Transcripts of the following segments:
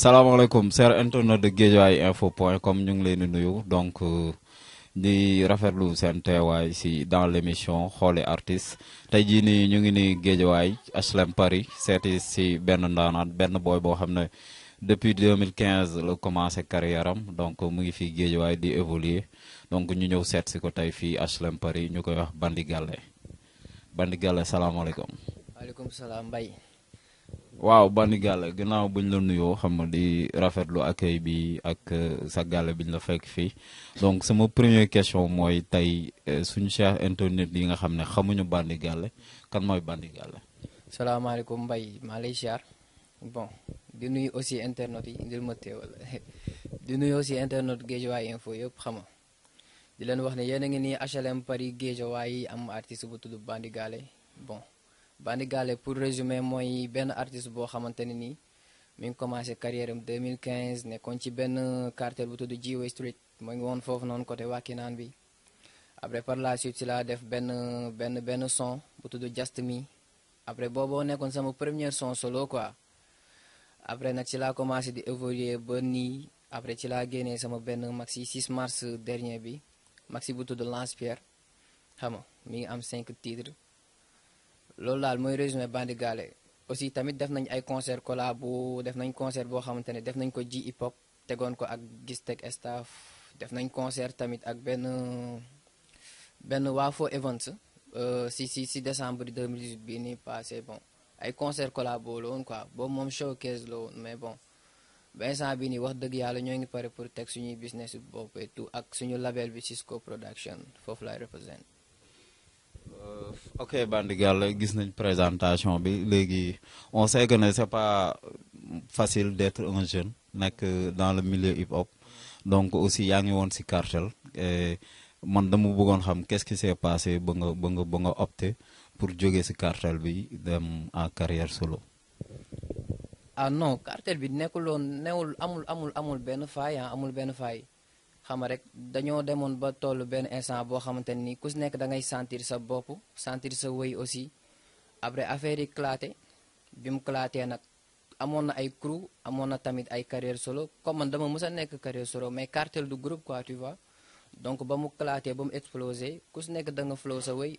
salaamaaleykum cher internet de Guédiawaye info point com ñu ngi leen nuyu donc euh, di rafetlu seen ici dans l'émission émission Artist. artiste tey jii nii ñu ngi ni Paris C'est si benn ndaanaan benn Boy boo depuis 2015 le commencé carrière am donc mu ngi fii Guédiawaye di évoluer donc ñu ñëw seet si ko Ashlem Paris ñu koy wax Bandi Galle Bandi Galle salaamaaleykum. waaleykum waaw Bandi Gallé gannaaw buñ la nuyoo xam nga di rafetlu accueil bi ak euh, sa gàlle biñ la fekk fii donc sama première question mooy tey euh, suñu cher internet yi nga xam ne xamuñu Bandi Gallé kan mooy Bandi Gallé. salaamaaleykum Mbaye maa lay bon di nuyu aussi internet yi indil ma teewal di nuyu aussi internet Guédiawaye info yëpp xam nga di leen wax ne yéen a ngi nii HLM Paris Guédiawaye am artiste bu tudd Bandi Gallé bon. Bandi Gallé pour résumer mooy benn artiste boo xamante ne nii mi ngi commencé carrière am 2015 nekkoon ci benn quartier bu tudd Jiwe Street mu ngi woon foofu noonu côté Wakinaan bi après par la suite si laa def benn benn benn son bu tudd Just mi après booboo nekkoon sama première son solo quoi après nag ci laa commencé di évoluer ba nii après ci laa génnee sama benn maxi 6 mars dernier bi maxi bu tudd Lance Pierre xam nga mi ngi am cinq titres. loolu me moy résumé aussi tamit def nañ concert collabo def nañ concert def nañ ko hip hop staff def concert tamit ak ben, un Wafo events euh, si si si décembre 2018 bon ay concert collabo la quoi bon, showcase mais bon ben ça wax deug yalla pour business et tout ak suñu label Cisco Production fofu represent. Euh, ok Bandigal gis nañ présentation bi on sait que ne c'est pas facile d'être un jeune que dans le milieu hip hop donc aussi il y a ci cartel man dama bëggoon xam qu'est-ce qui s'est passé ba nga ba pour jouer ce cartel bi dem en carrière solo. ah non cartel bi nekkul woon newul amul amul amul ah, amul faille. xam rek dañoo demoon ba tollu benn instant boo xamanteni ni ku si nekk da ngay sentir sa bopp sentir sa wëy aussi après affaire yi claté bi mu na ay crew amoon na tamit ay carrière solo comme man dama mës a carrière solo mais cartel du groupe quoi tu vois donc ba mu claté ba mu explosé ku da nga flow sa wëy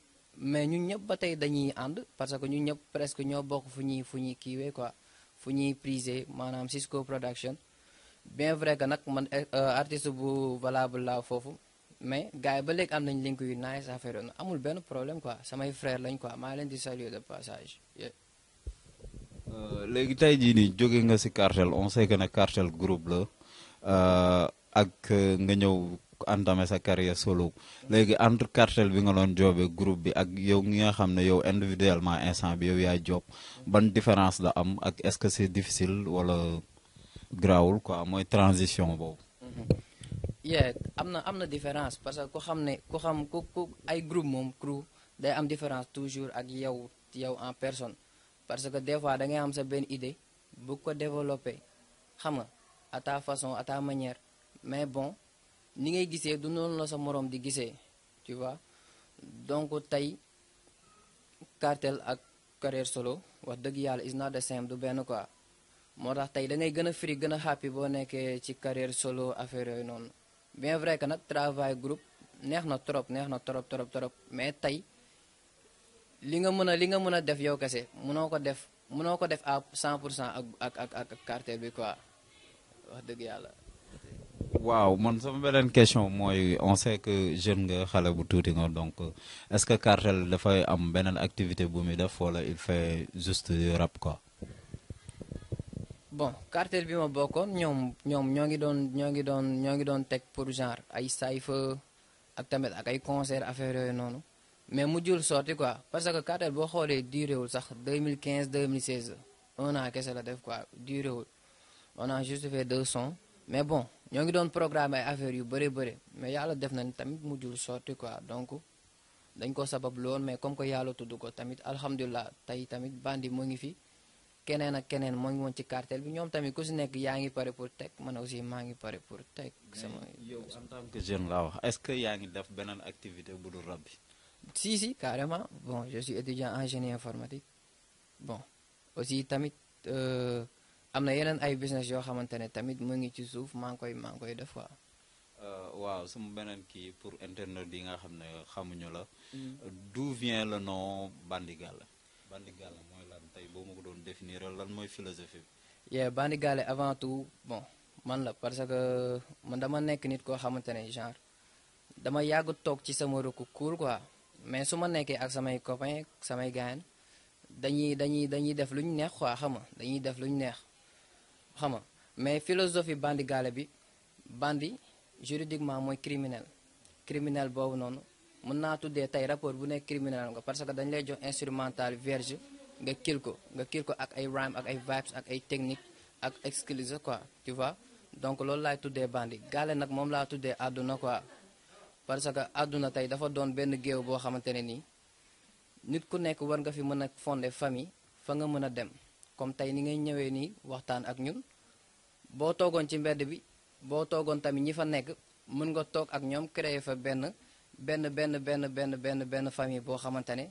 mais ñun ñëpp ba tey dañuy ànd parce que ñun ñëpp presque ñoo bokk fu ñuy fu ñuy kiiwee quoi fu ñuy prisé maanaam Cisco production bien vrai que nak man eh, eh, artiste bu valable la fofu mais gars yi ba léegi am nañ link yu nice affaire yoon amul ben problème quoi sama frère lañ quoi ma len di saluer de passage euh, léegi tay jii ni nga si cartel on sait que na cartel groupe la euh, ak euh, nga ñew entamé sa carrière solo léegi entre cartel bi nga lon jobé groupe bi ak yow nga xamné yow individuellement instant bi yow ya job ban différence la am ak est-ce que c'est difficile wala grawul quoi moy transition boobu. Mm-hmm. yeah amna amna différence parce que ko xamné ko xam ko ay groupe mom crew day am différence toujours ak yow yow en personne parce que des fois da ngay am sa ben idée bu ko développer xam nga à ta façon à ta manière mais bon ni ngay gisee du non la sa morom di gisee tu vois donc tay cartel ak carrière solo wax deug yalla is not the same du ben quoi moo tax tey da ngay gën a firi gën a happy boo nekkee ci carrière solo affaire yooyu noonu bien vrai que nag travail groupe neex na trop neex na trop trop trop mais tey li nga mën a li nga mën a def yow kese mënoo ko def mënoo ko def à 100 pour cent ak ak ak ak cartel bi quoi wax dëgg yàlla. waaw man sama beneen question mooy on sait que jeune nga xale bu tuuti nga donc est-ce que cartel dafay am beneen activité bu muy def wala il fait juste du rap quoi bon cartel bi ma bokon, ñom ñom ñogi don ñogi don ñogi don tek pour genre ay sayfa ak tamit ak ay concert affaire yoy noonu mais mujjul sorti quoi parce que cartel boo xoolee duréwul sax 2015 2016 un an kese la def quoi duréwul on a juste fait deux sons mais bon ñogi don programme ay affaire yu bëri bëri mais yalla def nañ ni tamit mujjul sorti quoi donc dañ ko sabab lool mais comme ko yalla tuddu ko tamit alhamdulilah tay tamit bandi mo ngi fi keneen ak keneen mo ngi won ci cartel bi ñom tamit ku ci nekk yaangi paré pour tek man aussi ma ngi paré pour tek sama yow en tant que jeune la wax est ce que yaangi def benen activité bu dul rabbi si si carrément bon je suis étudiant en génie informatique bon aussi tamit euh, amna yenen ay business yo xamantene ne tamit mu ngi ci souf ma ngoy ma ngoy def koy Euh, waaw waaw sama beneen kii pour internet yi nga xam ne xamuñu la mm. d'où vient le nom Bandigal? Bandigal. tey boo ma ko doon définir lan mooy philosophie bi. yeah avant tout bon man la parce que man dama nekk nit koo xamante ne genre dama yàgg toog ci sama rëkku cour quoi mais su ma nekkee ak samay copains samay gaayan dañuy dañuy dañuy def lu ñu neex quoi xam dañuy def lu ñu neex xam nga mais philosophie Bandigaale bi bandi juridiquement mooy criminel criminel boobu noonu mën naa tuddee tey rapport bu nekk criminel nga parce que dañ lay jox instrumental vierge nga kiil ko nga kiil ko ak ay rhyme ak ay vibes ak ay technique ak excluse quoi tu donc loolu laay tuddee bandi gaale nag moom laa tuddee àdduna quoi parce que àdduna tey dafa doon benn géew boo xamante ne nii nit ku nekk war nga fi mën a fonde famille fa nga mën a dem comme tey ni ngay ñëwee nii waxtaan ak ñun boo toogoon ci mbedd bi boo toogoon tamit ñi fa nekk mën nga toog ak ñoom créer fa benn benn benn benn benn benn benn benn famille boo xamante ne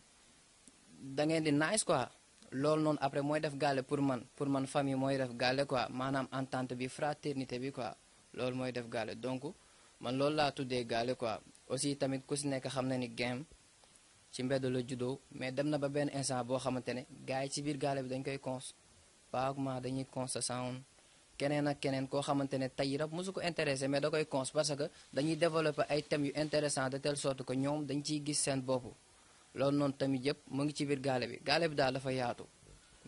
da ngeen di nice loolu noonu après mooy def gaale pour man pour man famille mooy def gaale quoi maanaam entente bi fraternité bi quoi loolu mooy def gaale donc man loolu laa tuddee gaale quoi aussi tamit ku si nekk xam na ni game ci mbedd la juddoo mais dem na ba benn instant boo xamante ne gars yi ci biir gaale bi dañ koy cons paagement dañuy cons sa sound keneen ak keneen koo xamante ne tey rab musu ko intéressé mais da koy conse parce que dañuy développer ay thèmes yu intéressant de telle sorte que ñoom dañ ciy gis seen bopp loolu noonu tamit yëpp mu ngi ci biir gaale bi gaale bi daal dafa yaatu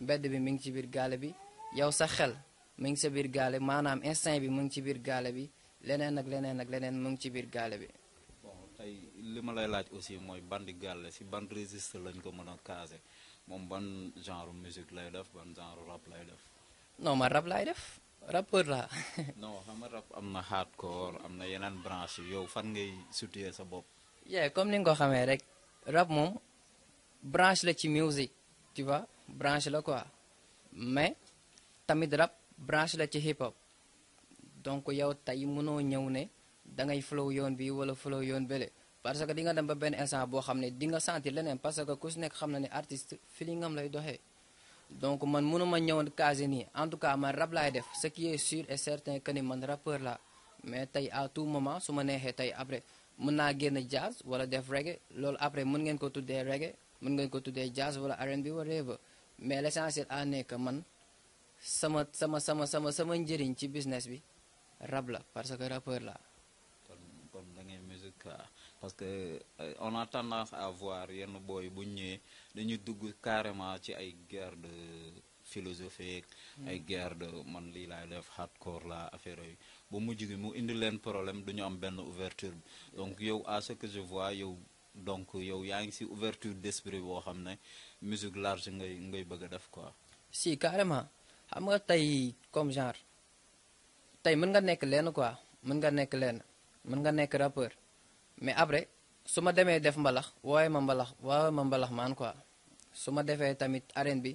mbedd bi mu ngi ci biir gaale bi yow sa xel mu ngi sa biir gaale maanaam instinct bi mu ngi ci biir gaale bi leneen ak leneen ak leneen mu ngi ci biir gaale bi. bon tey li ma lay laaj aussi mooy bandi gaale si ban registre lañ ko mën a casé moom ban genre musique lay def ban genre rap lay def. non ma rab laay def rappeur laa. non xam nga am na hardcore am na yeneen branche yow fan ngay situer sa bopp. rab moom branche la ci music tu vois branche la quoi mais tamit rap branche la ci hip hop donc yow tey mënoo ñëw ne da ngay flow yoon bi wala flow yoon bële parce que di nga dem ba benn instant boo xam ne dinga nga sentir leneen parce que ku si nekk xam na ne artiste feeling am lay doxee donc man mënuma ñëwoon case nii en tout cas man rab laay def ce qui est sûr et certain que ni man rappeur la mais tey à tout moment su ma neexee tey après mën naa génn jazz wala def reggae loolu après mën ngeen ko tuddee reggae mën ngeen ko tuddee jazz wala R&B whatever mais l'essentiel à nekk man sama sama sama sama sama njëriñ ci business bi rab la parce que rappeur la kon da ngay ah, parce que euh, on a tendance à voir yenn booy bu ñëwee dañu dugg carrément ci ay guerre de philosophique mm. ay guerre de man li lay def hardcore la affaire yi ba mujj gi mu indi len problème duñu am ben ouverture donc yow à ce que je vois yow donc yow yaa ngi si ouverture d'esprit boo xam ne musique large ngay ngay bëgg a def quoi si carrément xam nga tey comme genre tey mën nga nekk leen quoi mën nga nekk leen mën nga nekk rappeur mais après su ma demee def mbalax waaye ma mbalax waaye ma mbalax maan quoi su ma defee tamit arène bi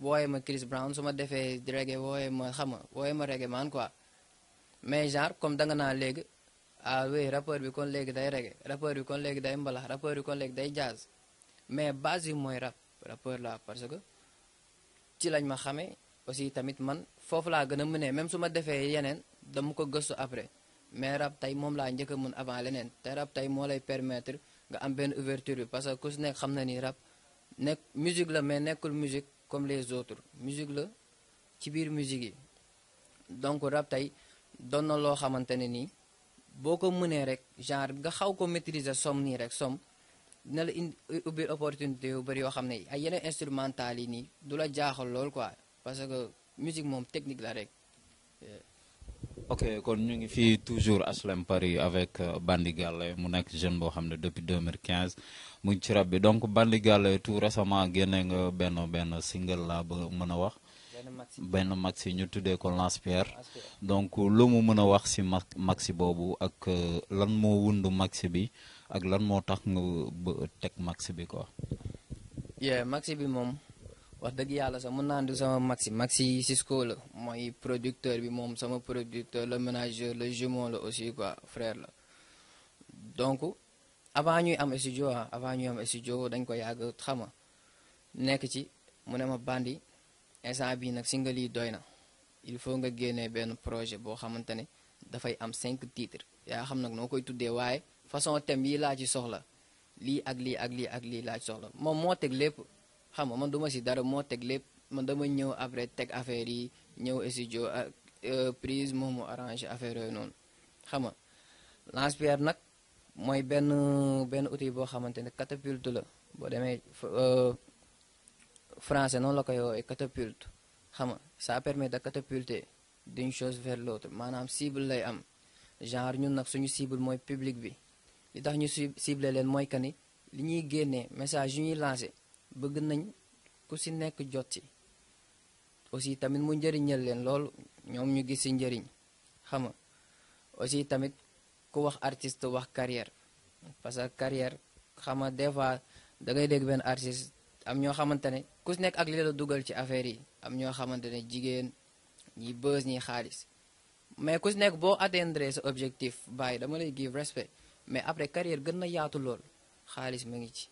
wooye ma Chris Brown su ma defee reggae wooye ma xama wooye ma reggae man quoi mais genre comme danga naa léegi ah oui rappeur bi kon léegi day reggae rappeur bi kon léegi day mbalax rappeur bi kon léegi day jazz mais base yi mooy rab rappeur la parce que ci lañ ma xamee aussi tamit man foofu laa gën a mënee même su ma defee yeneen dama ko gëstu après mais rap tey moom laa njëkk a avant leneen te rab tey moo lay permetre nga am benn ouverture bi parce que ku si xam na nii rab nekk musique la mais nekkul musique comme les autres musique la ci musique donc rap tay doon na loo xamante ni, nii boo rek genre nga xaw ko maîtriser som ni rek som na la indi opportunité yu bari yo xamné ne ay instrumental ni nii la quoi parce que musique mom technique la rek euh, ok kon ñu ngi fii toujours HLM Paris avec euh, Bandi Gallé mu nekk jeune boo xam ne depuis 2015 mu ngi ci rab bi donc Bandi Gallé tout récemment génne nga benn benn single la ba mën a wax. benn maxi ñu tuddee ko lance donc lu mu mën a wax si maxi boobu ak euh, lan moo wund maxi bi ak lan moo tax nga teg maxi bi ko yeah maxi bi moom. wax dëgg yàlla sax mën naa andi sama maxi maxi Cisco la mooy producteur bi moom sama producteur le manager le jumeau la aussi quoi frère la donc avant ñuy am studio ah, avant ñuy am studio dañ ko yàgg xama nekk ci mu ne ma bandi instant bii nag single lii doy na il faut nga génne benn projet boo xamante ne dafay am cinq titres yaa xam nag noo koy tuddee waaye façon thème yi laa soxla lii ak lii ak lii ak lii laa soxla moom moo teg lépp xam nga man du ma si dara moo teg lépp man dama ñëw après teg affaire yi ñëw studio ak euh, prise moom mu arrangé affaire yooyu noonu xam nga lance-pierre nag mooy benn benn outil boo xamante ne catapulte la boo demee euh, français noonu la koy woowee catapulte xam nga ça permet de catapulter d'une chose vers l'autre maanaam cible lay am genre ñun nag suñu cible mooy public bi li tax ñu cible leen mooy que ni li ñuy génnee message yu ñuy lancer bëgg nañ ku si nekk jot si aussi tamit mu njëriñal leen lool ñoom ñu gis si njëriñ xam nga aussi tamit ku wax artiste wax carrière parce que carrière xam nga des fois da ngay dégg benn artiste am ñoo xamante ne ku si nekk ak li la dugal ci affaire yi am ñoo xamante ne jigéen ñi bës ñi xaalis mais ku si nekk boo atteindre sa objectif bàyyi dama lay give respect mais après carrière gën na yaatu lool xaalis mi ngi ci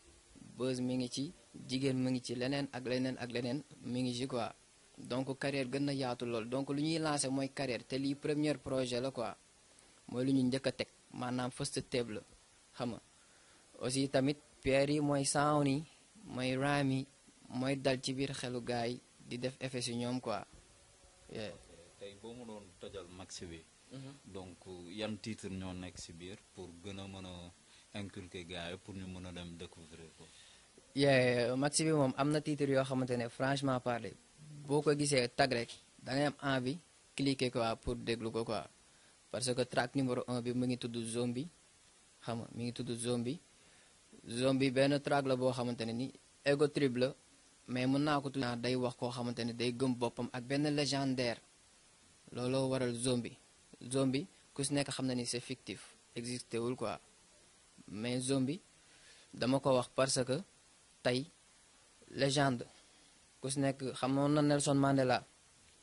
bës mi ngi ci. jigéen mu ngi ci leneen ak leneen ak leneen mu ngi ci quoi donc carrière gën na yaatu lool donc lu ñuy lancé mooy carrière te lii premier projet la quoi mooy lu ñu njëkk a teg maanaam first teb la xam nga aussi tamit pierre yi mooy sound yi mooy raam yi mooy dal ci biir xelu gars yi di def effet si ñoom quoi. tey boo mu doon tojal max bi. Mhm. donc yan titre ñoo nekk si biir pour gën a mën a inculquer gars yi pour ñu mën a dem découvrir ko. yeah maximum bi titre franchement parler Boko gisé da ngay envie cliquer quoi pour déglu parce que track numéro un bi zombie xam zombie zombie ben track la ni ego trip mais mën ko day wax légendaire lolo waral zombie zombie c'est fictif zombie parce que. tey légende ku si nekk xamoon na Nelson Mandela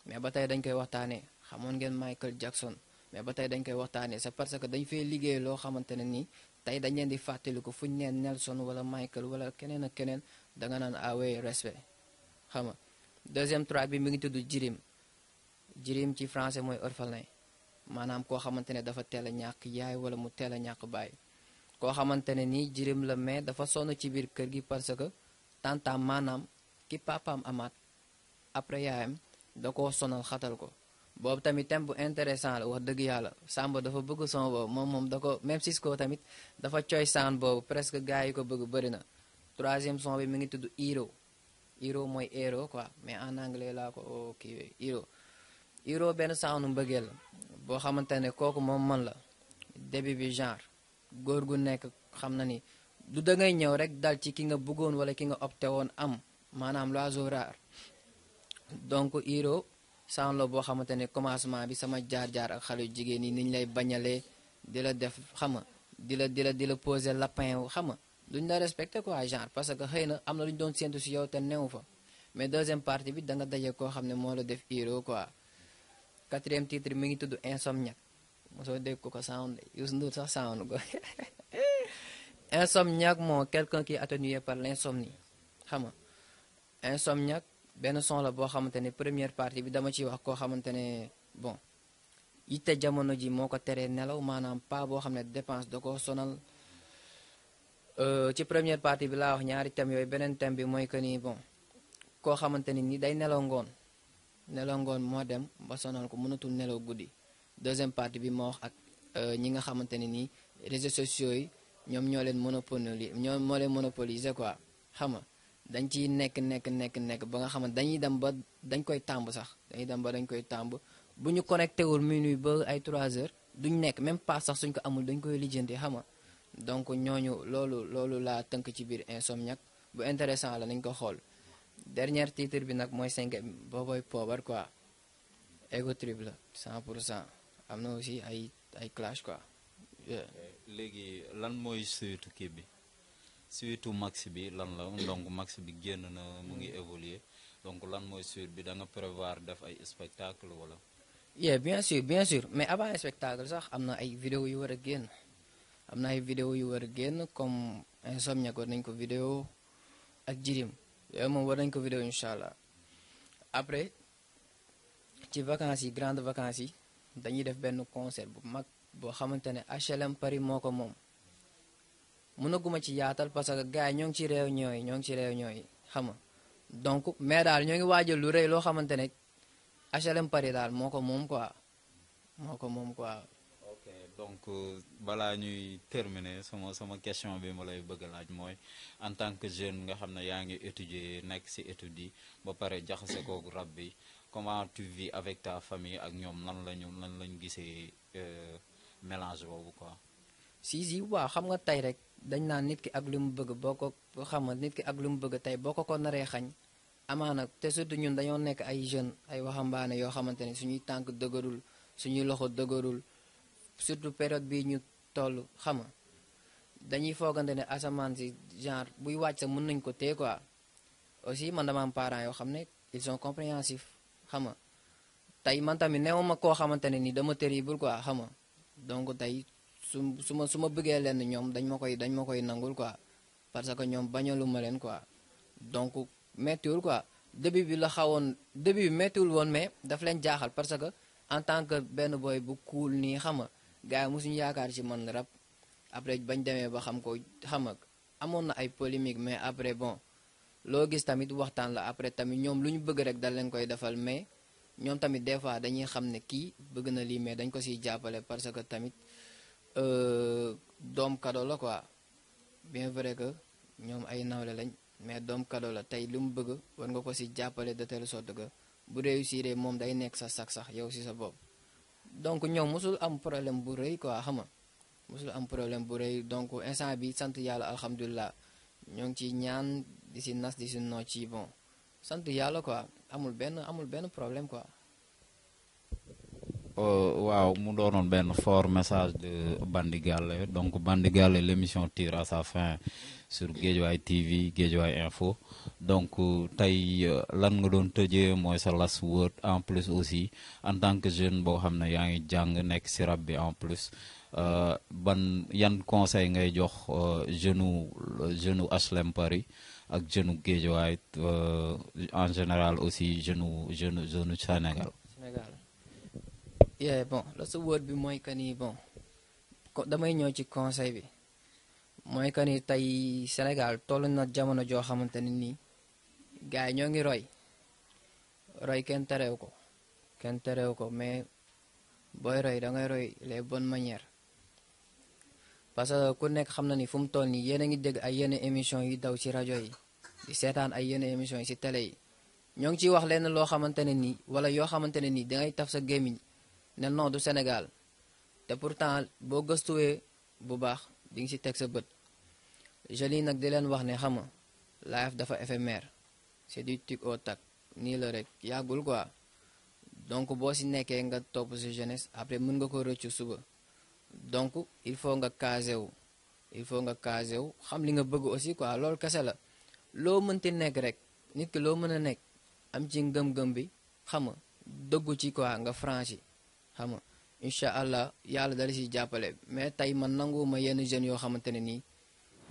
mais ba tey dañ koy waxtaanee xamoon ngeen Michael Jackson mais ba tey dañ koy waxtaanee c'est parce que dañ fee liggéey loo xamante ne nii tey dañ leen di fàttaliku fu ñu neen Nelson wala Michael wala keneen ak keneen danga naan awee ah respect xam nga deuxième track bi mi ngi tudd jirim jirim ci français mooy orphelin maanaam koo xamante ne dafa teel a ñàkk yaay wala mu teel a ñàkk bàyyi koo xamante ne nii jirim la mais dafa sonn ci biir kër gi parce que tantaam maanaam ki papaam amaat après yaayam da ko sonal xatal ko boobu tamit thème bu intéressant la wax dëgg yàlla Samba dafa bëgg son boobu moom moom da ko même ko tamit dafa coy saan boobu presque gars yi ko bëgg bëri na troisième son bi mi ngi tudd Hero Hero mooy héros quoi mais en anglais laa ko kii Hero Hero benn saanu mbëggeel la boo xamante kooku moom man la début bi genre góor gu nekk xam na ni du da ngay ñëw rek dal ci ki nga bëggoon wala ki nga opté woon am maanaam l'oiseau rare donc Hiro sound la boo xamante ne commencement bi sama jaar-jaar ak xale yu jigéen yi niñ lay bañalee di la def xama di la di la di la poser lapin wu xama duñ la respecté quoi genre parce que xëy na am na lu ñu doon séntu si yow te new fa mais deuxième partie bi da nga daje koo xam ne moo la def Hiro quoi quatrième titre mi ngi tudd Insomniac mo so dégg ko ko sound Youssou Ndour sax sound ko insomniaque moom quelqu'un qui est atténué par l'insomnie xam nga insomniaque benn son la boo xamante ne première partie bi dama ciy wax koo xamante ne bon yitte jamono ji moo ko teree nelaw maanaam pa boo xam ne dépense da sonal euh, ci première partie bi laa wax ñaari thèmes yooyu beneen thème bi mooy que bon Ko xamante ni ni day nelaw ngoon nelaw ngoon moo dem ba sonal ko mënatul nelaw guddi deuxième partie bi ma wax ak euh, ñi nga xamante ne nii réseaux sociaux yi ñoom ñoo leen monopoliser ñoom moo leen monopoliser quoi xam nga dañ ciy nekk nekk nekk nekk ba nga xam dañuy dem ba dañ koy tàmb sax dañuy dem ba dañ koy tàmb bu ñu connecté wul minuit ba ay trois heures duñ nekk même pas sax suñ ko amul dañ koy lijjanti xam nga donc ñooñu loolu loolu laa tënk ci biir Insomniac bu intéressant la nañ ko xool dernier titre bi nag mooy 5 booboy poobar quoi Ego Trip la 100 pour cent am na aussi ay ay clash quoi. léegi lan mooy suite kii bi suite max bi lan la donc max bi génn na mu ngi évoluer donc lan mooy suite bi da prévoir def ay spectacle wala. yeah bien sûr bien sûr mais avant spectacle sax am na ay vidéo yu war a génn am na ay vidéo yu war a génn comme Insomniac war nañ ko vidéo ak Jirim yooyu moom war nañ ko vidéo incha allah après ci vacances yi grandes vacances yi. dañuy def benn concert bu mag boo xamante ne HLM pari moo ko moom mënaguma ci yaatal parce que gars ñoo ngi ci réunion yi ñoo ngi ci réunion yi xam nga donc mais daal ñoo ngi waajal lu rëy loo xamante ne HLM Paris daal moo ko moom quoi ko moom quoi. donc euh, balaa ñuy terminer sama sama question bi ma lay bëgg laaj mooy en tant que jeune nga xam ne yaa ngi étudier nekk ci études yi ba pare jaxase koog rab bi. comment tu vis avec ta famille ak ñoom lan lañu lan lañ euh mélange bobu quoi. si si waaw xam nga tay rek dañ na nit ki ak lu mu bëgg boko ko xam nit ki ak lu mu bëgg tay boko ko naré xagn amana té te surtout ñun dañoo nekk ay jeune ay waxambaane yo xamante ne suñuy tànk dëgërul suñuy loxo dëgërul surtout période bi ñu tollu xam nga dañuy foogante ne asamaan genre buy wacc mën nañ ko téye quoi aussi man dama am parents yo xamné ils sont compréhensifs. xama tey man tamit néew ma koo xamante ne ni dama terrible quoi xama nga donc tey su su ma su ma bëggee leen ñoom dañ ma koy dañ ma koy nangul quoi parce que ñoom bañalu ma leen quoi donc méttiwul quoi début bi la xawoon début bi méttiwul woon mais daf leen jaaxal parce que en tant que benn booy bu cool nii xam nga gars yi mosuñu yaakaar ci man rab après bañ demee ba xam ko xam nga amoon na ay polémique mais après bon. loo gis tamit waxtan la après tamit ñom luñu bëgg rek dal leen koy defal mais ñom tamit des fois dañuy xam ki bëgg na li mais dañ ko siy jappalé parce que tamit euh, dom cadeau la quoi bien vrai que ñom ay nawlé lañ mais dom cadeau la tay lu mu bëgg war nga ko si jappalé de telle sorte que bu réussiré mom day nekk sa sax sax yow ci sa bopp donc ñom musul am problème bu rëy quoi xam nga musul am problème bu rëy donc instant bi sante yalla alhamdullah ñong ci ñaan di si nas di si noo ci bon sant yàlla quoi ah, amul benn amul benn problème quoi. Oh, waaw mu doonoon benn fort message de Bandi Galle donc Bandi Galle l'émission tire à sa fin sur Guédiawaye TV Guédiawaye Info donc euh, tey euh, lan nga doon tëjee mooy sa last word en plus aussi en tant que jeune boo xam ne yaa ngi jàng nekk si rab bi en plus euh, ban yan conseil ngay jox jeune jeune HLM Paris ak jeune Guédiawaye euh, en général aussi jeune jeune jeune Sénégal. Sénégal yeah, bon la sa bi mooy que ni bon damay ñëw ci conseil bi mooy que ni tey Sénégal toll na jamono joo xamante ne nii gars yi ñoo ngi roy roy kenn terew ko kenn terew ko mais booy roy da ngay roy les bonnes manières. parce que ku nekk xam na ni fu mu toll nii yéen a ngi dégg ay yenn émission yi daw ci rajo di seetaan ay yenn émission yi si télé yi ñoo ngi ciy wax lenn loo xamante ne nii wala yoo xamante ne nii dangay taf sa gémmiñ ne non du Sénégal te pourtant boo gëstuwee bu baax di nga si teg sa bët jeunes yi nag di leen wax ne xam nga life dafa éphémère c'est du tic au tac nii la rek yàggul quoi donc boo si nekkee nga topp sa jeunesse après mun nga ko rëccu suba donc il faut nga casé wu il faut nga casé wu xam li nga bëgg aussi quoi loolu kese la. loo mënti nekk rek nit ki loo mën a nekk am ci ngëm-ngëm bi xam nga dëggu ci quoi nga franchi xam nga incha allah yàlla dala si jàppale mais tey man ma yenn jeunes yoo xamante ne nii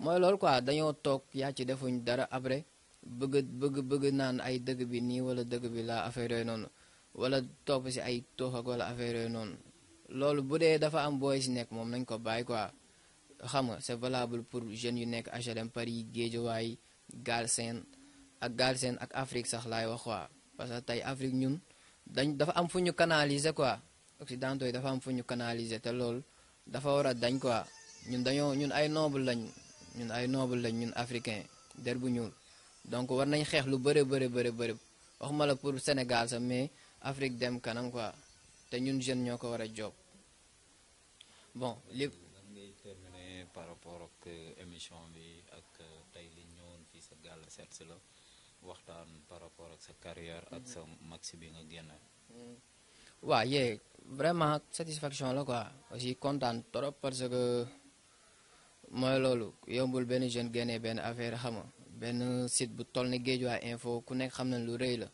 mooy loolu quoi dañoo toog yaa ci defuñ dara abre bëgg bëgg bëgg naan ay dëgg bi nii wala dëgg bi laa affaire noonu wala topp si ay tooxak ak wala affaire noonu loolu bu dee dafa am booy si nekk moom nañ ko bàyyi quoi xam nga c'est valable pour jeunes yu nekk HLM Paris Guédiawaye Galsen ak Galsen ak Afrique sax lay wax quoi parce que tay Afrique ñun dañ dafa am fuñu canaliser quoi occidentaux yi dafa am fuñu canaliser té lool dafa wara dañ quoi ñun dañoo ñun ay noble lañ ñun ay noble lañ ñun africain der bu ñuul donc war nañ xex lu bëre bëre bëre bëri waxuma la pour Sénégal sax mais Afrique dem kanam quoi té ñun jeune ñoko wara job bon li ngay par rapport ak euh, émission bi. seet si la waxtaan par rapport ak sa carrière ak sa maxi bi nga génne. Mm-hmm. waaw yee vraiment satisfaction la quoi aussi kontaan trop parce que mooy loolu yombul benn jeune génnee benn affaire xam nga benn site bu toll géej Guédiawaye info ku nekk xam na lu rëy la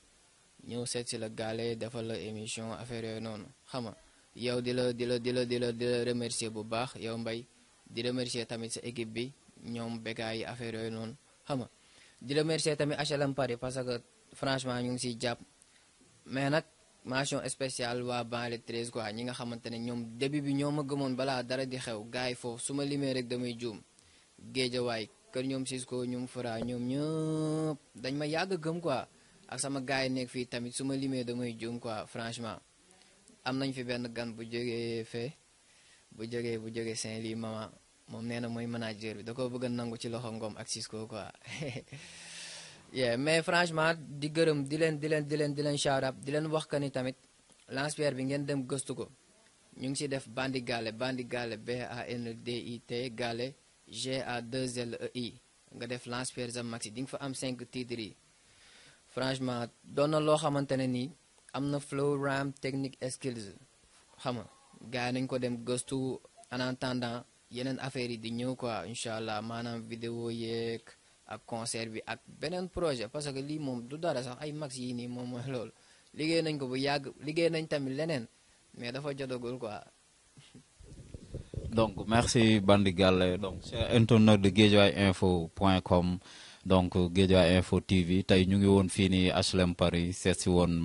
ñëw seet si la gaale defal la émission affaire yooyu noonu xam yow di la di la di la di la di bu baax yow mbay di remercier tamit sa équipe bi ñoom békaay yi affaire yooyu noonu xam di remercier tamit HLM Paris parce que franchement ñu ngi siy jàpp mais nag mention spéciale waa banlieue 13 quoi ñi nga xamante ne ñoom début bi ñoo ma gëmoon balaa dara di xew gars yi foofu su ma limee rek damay juum géejawaay kër ñoom ko ñoom Fara ñoom ñëpp dañ ma yàgg gëm quoi ak sama gars yi nekk fii tamit su ma limee damay juum quoi franchement am nañ fi benn gan bu jógee fee bu jógee bu jógee Saint-Louis mama moom nee na mooy manager bi da koo bëgg a nangu ci loxo Ngom ak Cisco quoi mais franchement di gërëm di leen di leen di leen di leen shout di leen wax que ni tamit Lanspeer bi ngeen dem gëstu ko ñu ngi siy def bandi gaale bandi gaale D T gaale G A 2 L e nga def Lanspeer Jam Maxi nga fa am 5 titres yi franchement doon na loo xamante ne nii am na flow ram technique skills xam nga gars yi nañ ko dem gëstu en attendant. yenen affaire yi di ñëw quoi inshallah manam vidéo yek ak concert bi ak benen projet parce que li mom du dara sax ay max yi ni mom mooy loolu liggéey nañ ko bu yag liggéey nañ tamit lenen mais dafa jodogul quoi. donc merci Bandi Galle donc c'est internet de Guédiawaye donc Guédiawaye info TV tay ñu ngi won fii nii Paris c'est si woon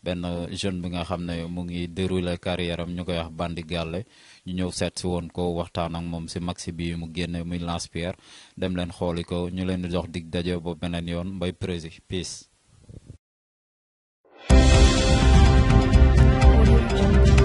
ben jeune bi nga xamné mu ngi dérouler carrière am ñukoy wax Bandi Galle. ñu ñëw seet si woon ko waxtaan ak moom si maxi bi mu génne muy Lance Pierre dem leen xooli ko ñu leen di jox dig daje ba beneen yoon Mbaye Prési peace